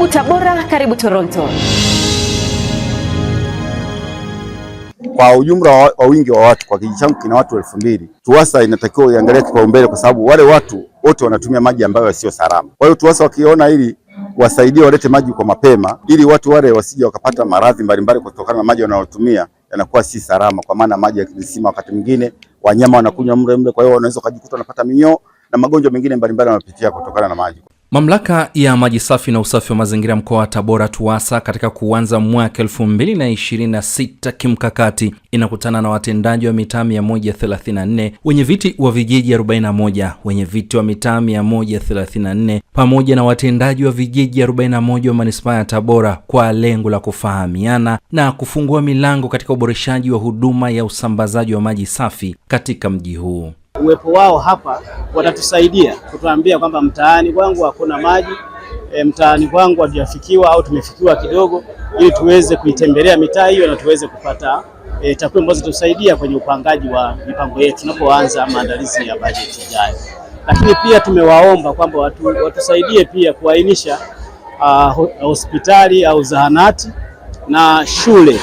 Karibu Tabora, karibu Toronto. Kwa ujumla wa wingi wa watu, kwa kijiji changu kina watu elfu mbili, TUWASA inatakiwa iangalia kipaumbele, kwa sababu wale watu wote wanatumia maji ambayo sio salama. Kwa hiyo TUWASA wakiona hili wasaidie, walete maji kwa mapema, ili watu wale wasije wakapata maradhi mbalimbali kutokana na maji wanayotumia yanakuwa si salama, kwa maana maji ya kisima wakati mwingine wanyama wanakunywa mle mle, kwa hiyo wanaweza kujikuta wanapata minyoo na magonjwa mengine mbalimbali wanapitia kutokana na maji. Mamlaka ya maji safi na usafi wa mazingira mkoa wa Tabora TUWASA katika kuanza mwaka 2026 kimkakati inakutana na watendaji wa mitaa 134, wenye viti wa vijiji 41, wenye viti wa mitaa 134 pamoja na watendaji wa vijiji 41 wa manispaa ya Tabora kwa lengo la kufahamiana na kufungua milango katika uboreshaji wa huduma ya usambazaji wa maji safi katika mji huu uwepo wao hapa watatusaidia kutuambia kwamba mtaani kwangu hakuna maji e, mtaani kwangu hatujafikiwa au tumefikiwa kidogo, ili tuweze kuitembelea mitaa hiyo na tuweze kupata e, takwimu ambazo zitatusaidia kwenye upangaji wa mipango yetu tunapoanza maandalizi ya bajeti ijayo. Lakini pia tumewaomba kwamba watu, watusaidie pia kuainisha uh, hospitali au zahanati na shule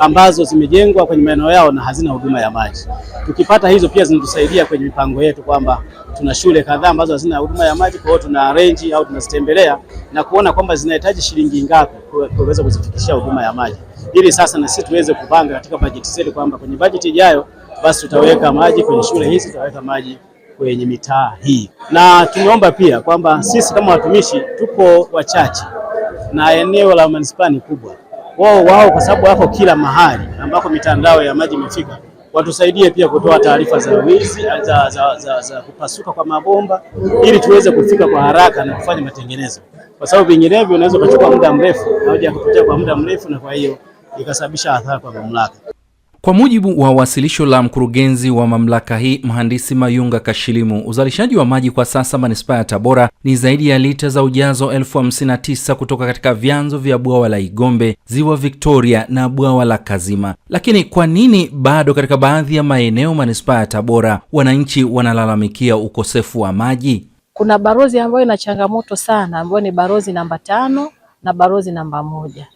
ambazo zimejengwa kwenye maeneo yao na hazina huduma ya maji. Tukipata hizo pia zinatusaidia kwenye mipango yetu kwamba tuna shule kadhaa ambazo hazina huduma ya maji, kwa hiyo tuna arrange au tunazitembelea na kuona kwamba zinahitaji shilingi ngapi kuweza kuzifikishia huduma ya maji, ili sasa na sisi tuweze kupanga katika bajeti zetu kwamba kwenye bajeti ijayo basi tutaweka maji kwenye shule hizi, tutaweka maji kwenye mitaa hii. Na tumeomba pia kwamba sisi kama watumishi tupo wachache na eneo la manispaa ni kubwa wao wao, kwa sababu wako kila mahali ambako mitandao ya maji imefika, watusaidie pia kutoa taarifa za wizi za, za, za, za, kupasuka kwa mabomba ili tuweze kufika kwa haraka na kufanya matengenezo, kwa sababu vinginevyo unaweza kuchukua muda mrefu na kupotea kwa muda mrefu, na kwa hiyo ikasababisha athari kwa mamlaka. Kwa mujibu wa wasilisho la mkurugenzi wa mamlaka hii mhandisi Mayunga Kashilimu, uzalishaji wa maji kwa sasa manispaa ya Tabora ni zaidi ya lita za ujazo elfu hamsini na tisa kutoka katika vyanzo vya bwawa la Igombe, ziwa Victoria na bwawa la Kazima. Lakini kwa nini bado katika baadhi ya maeneo manispaa ya Tabora wananchi wanalalamikia ukosefu wa maji? Kuna barozi ambayo ina changamoto sana ambayo ni barozi namba tano na barozi namba moja.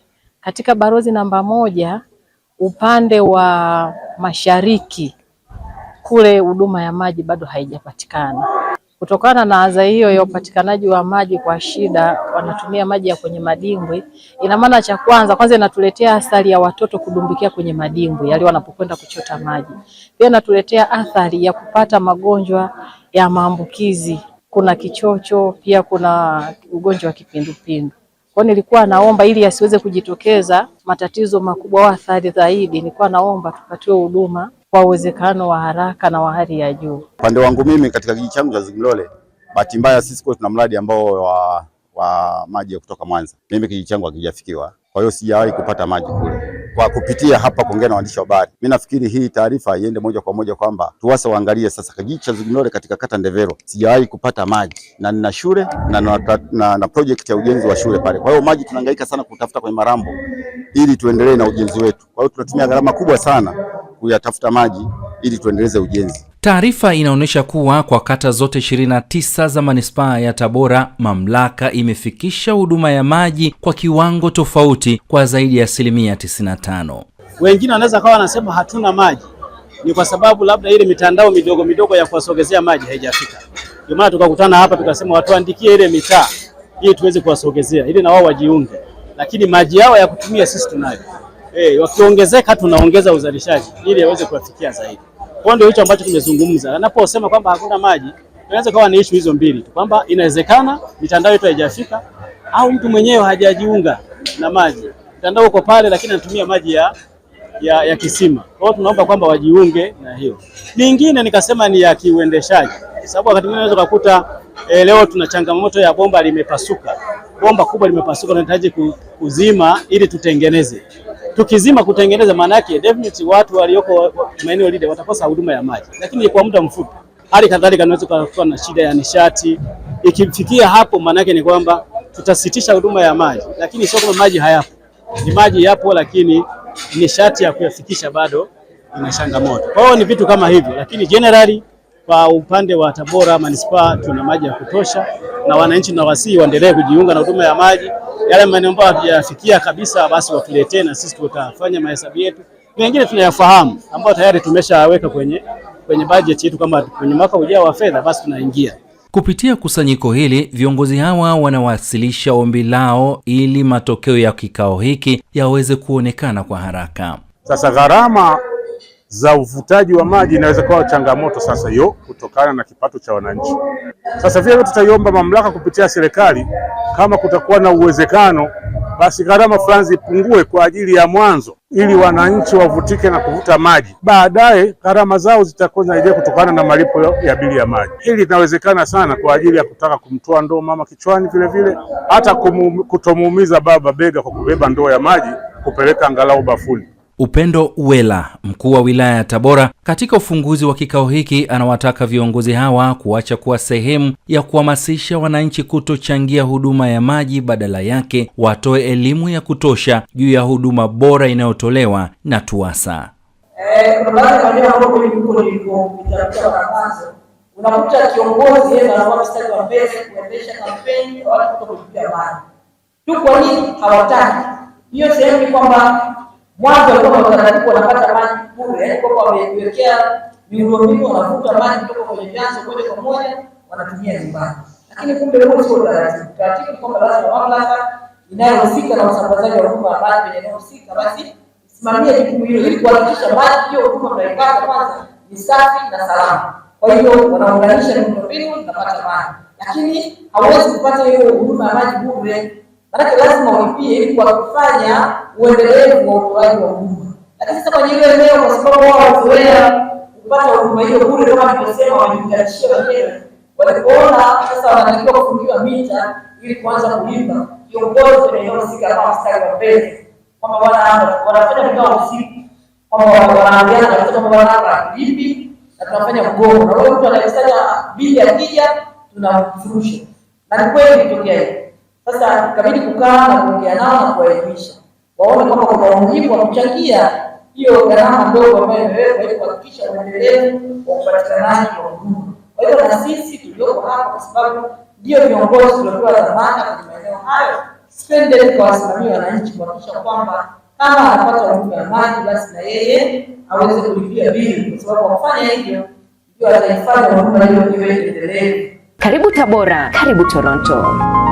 Katika barozi namba moja upande wa mashariki kule huduma ya maji bado haijapatikana. Kutokana na adha hiyo ya upatikanaji wa maji kwa shida, wanatumia maji ya kwenye madimbwi. Ina maana cha kwanza kwanza, inatuletea athari ya watoto kudumbikia kwenye madimbwi yale yaani wanapokwenda kuchota maji, pia inatuletea athari ya kupata magonjwa ya maambukizi. Kuna kichocho, pia kuna ugonjwa wa kipindupindu. Kwa nilikuwa naomba ili asiweze kujitokeza matatizo makubwa au athari zaidi, nilikuwa naomba tupatiwe huduma kwa uwezekano wa haraka na wa hali ya juu. Upande wangu mimi katika kijiji changu cha Zimlole, bahati mbaya sisi kwa tuna mradi ambao wa, wa maji ya kutoka Mwanza. Mimi kijiji changu hakijafikiwa, kwa hiyo sijawahi kupata maji kule kwa kupitia hapa kuongea na waandishi wa habari. Mimi nafikiri hii taarifa iende moja kwa moja kwamba TUWASA waangalie sasa kijiji cha Zuginole katika kata Ndevero sijawahi kupata maji na nina shule na na, na, na project ya ujenzi wa shule pale. Kwa hiyo maji tunahangaika sana kutafuta kwenye Marambo ili tuendelee na ujenzi wetu. Kwa hiyo tunatumia gharama kubwa sana kuyatafuta maji ili tuendeleze ujenzi. Taarifa inaonyesha kuwa kwa kata zote 29 za manispaa ya Tabora, mamlaka imefikisha huduma ya maji kwa kiwango tofauti kwa zaidi ya asilimia 95. Wengine wanaweza kawa wanasema hatuna maji, ni kwa sababu labda ile mitandao midogo midogo ya kuwasogezea maji haijafika. Ndio maana tukakutana hapa tukasema watuandikie ile mitaa ili tuweze kuwasogezea ili na wao wajiunge, lakini maji yao ya kutumia sisi tunayo. Eh, wakiongezeka tunaongeza uzalishaji ili yaweze kuwafikia zaidi. Kwa ndio hicho ambacho tumezungumza. Anaposema kwamba hakuna maji, inaweza kawa ni issue hizo mbili kwamba inawezekana mitandao yetu haijafika au mtu mwenyewe hajajiunga na maji. Mtandao uko pale, lakini anatumia maji ya ya, ya kisima. Kwa hiyo tunaomba kwamba wajiunge na hiyo. Mingine nikasema ni ya kiuendeshaji, sababu wakati mwingine unaweza kukuta e, leo tuna changamoto ya bomba limepasuka, bomba kubwa limepasuka, tunahitaji kuzima ili tutengeneze tukizima kutengeneza, maana yake definitely watu walioko maeneo lile watakosa huduma ya maji, lakini kwa muda mfupi. Hali kadhalika naweza kuwa na shida ya nishati. Ikifikia hapo, maana yake ni kwamba tutasitisha huduma ya maji, lakini sio kwamba maji hayapo. Ni maji yapo, lakini nishati ya kuyafikisha bado ina changamoto. Kwa hiyo ni vitu kama hivyo, lakini generally kwa upande wa Tabora manispaa tuna maji ya kutosha, na wananchi wasii waendelee kujiunga na huduma ya maji. Yale maeneo ambayo hatujafikia kabisa, basi watuletee na sisi tutafanya mahesabu yetu. Mengine tunayafahamu ambayo tayari tumeshaweka kwenye kwenye bajeti yetu, kama kwenye mwaka ujao wa fedha, basi tunaingia Kupitia kusanyiko hili viongozi hawa wanawasilisha ombi lao ili matokeo ya kikao hiki yaweze kuonekana kwa haraka. Sasa gharama za uvutaji wa maji inaweza kuwa changamoto sasa hiyo, kutokana na kipato cha wananchi. Sasa vile tutaiomba mamlaka kupitia serikali, kama kutakuwa na uwezekano, basi gharama fulani zipungue kwa ajili ya mwanzo, ili wananchi wavutike na kuvuta maji. Baadaye gharama zao zitakuwa zinaendelea kutokana na malipo ya bili ya maji. Hili linawezekana sana kwa ajili ya kutaka kumtoa ndoo mama kichwani, vile vile hata kutomuumiza baba bega kwa kubeba ndoo ya maji kupeleka angalau bafuni. Upendo wela mkuu wa wilaya ya Tabora, katika ufunguzi wa kikao hiki anawataka viongozi hawa kuacha kuwa sehemu ya kuhamasisha wananchi kutochangia huduma ya maji, badala yake watoe elimu ya kutosha juu ya huduma bora inayotolewa na TUWASA. Eh, unakuta kiongozi mstari wa mbele kuendesha kampeni watu maji tu. Kwa nini hawataki hiyo sehemu? Ni kwamba mwanzo walikuwa kwa utaratibu wanapata maji kule, yaani kwa wamewekea miundombinu, wanavuta maji kutoka kwenye vyanzo moja kwa moja wanatumia nyumbani, lakini kumbe huo sio utaratibu. Utaratibu ni kwamba lazima mamlaka inayohusika na usambazaji wa huduma ya maji kwenye eneo husika basi isimamie jukumu hilo ili kuhakikisha maji hiyo huduma mnaipata kwanza ni safi na salama. Kwa hiyo wanaunganisha miundombinu, napata maji, lakini hawezi kupata hiyo huduma ya maji bure Maanake lazima ulipie ili kwa kufanya uendelevu wa utoaji wa huduma. Lakini sasa kwenye hiyo eneo, kwa sababu wao wamezoea kupata huduma hiyo bure, kama nilivyosema, wamejigarishia wenyewe. Walipoona sasa wanatakiwa kufungiwa mita ili kuanza kulipa, kiongozi ameiona si kama mstari wa mbele kwamba bwana hapa wanafanya vikao usiku, kwamba wanaangalia na kutoka bwana hapa vipi, na tunafanya mgomo, na wewe mtu anakusanya bili akija tunamfurusha, na kweli ilitokea sasa ikabidi kukaa na kuongea nao na kuwaelimisha, waone kwamba kuna umuhimu wa kuchangia hiyo gharama ndogo ambayo imewekwa ili kuhakikisha uendelevu wa upatikanaji wa huduma. Kwa hivyo na sisi tulioko hapa, kwa sababu ndio viongozi tuliopewa dhamana kwenye maeneo hayo, spende sipendelee tukawasimamia wananchi kuhakikisha kwamba kama anapata huduma ya maji, basi na yeye aweze kulipia bili, kwa sababu wafanya hivyo ndio ataifanya huduma hiyo iwe endelevu. Karibu Tabora, karibu Toronto.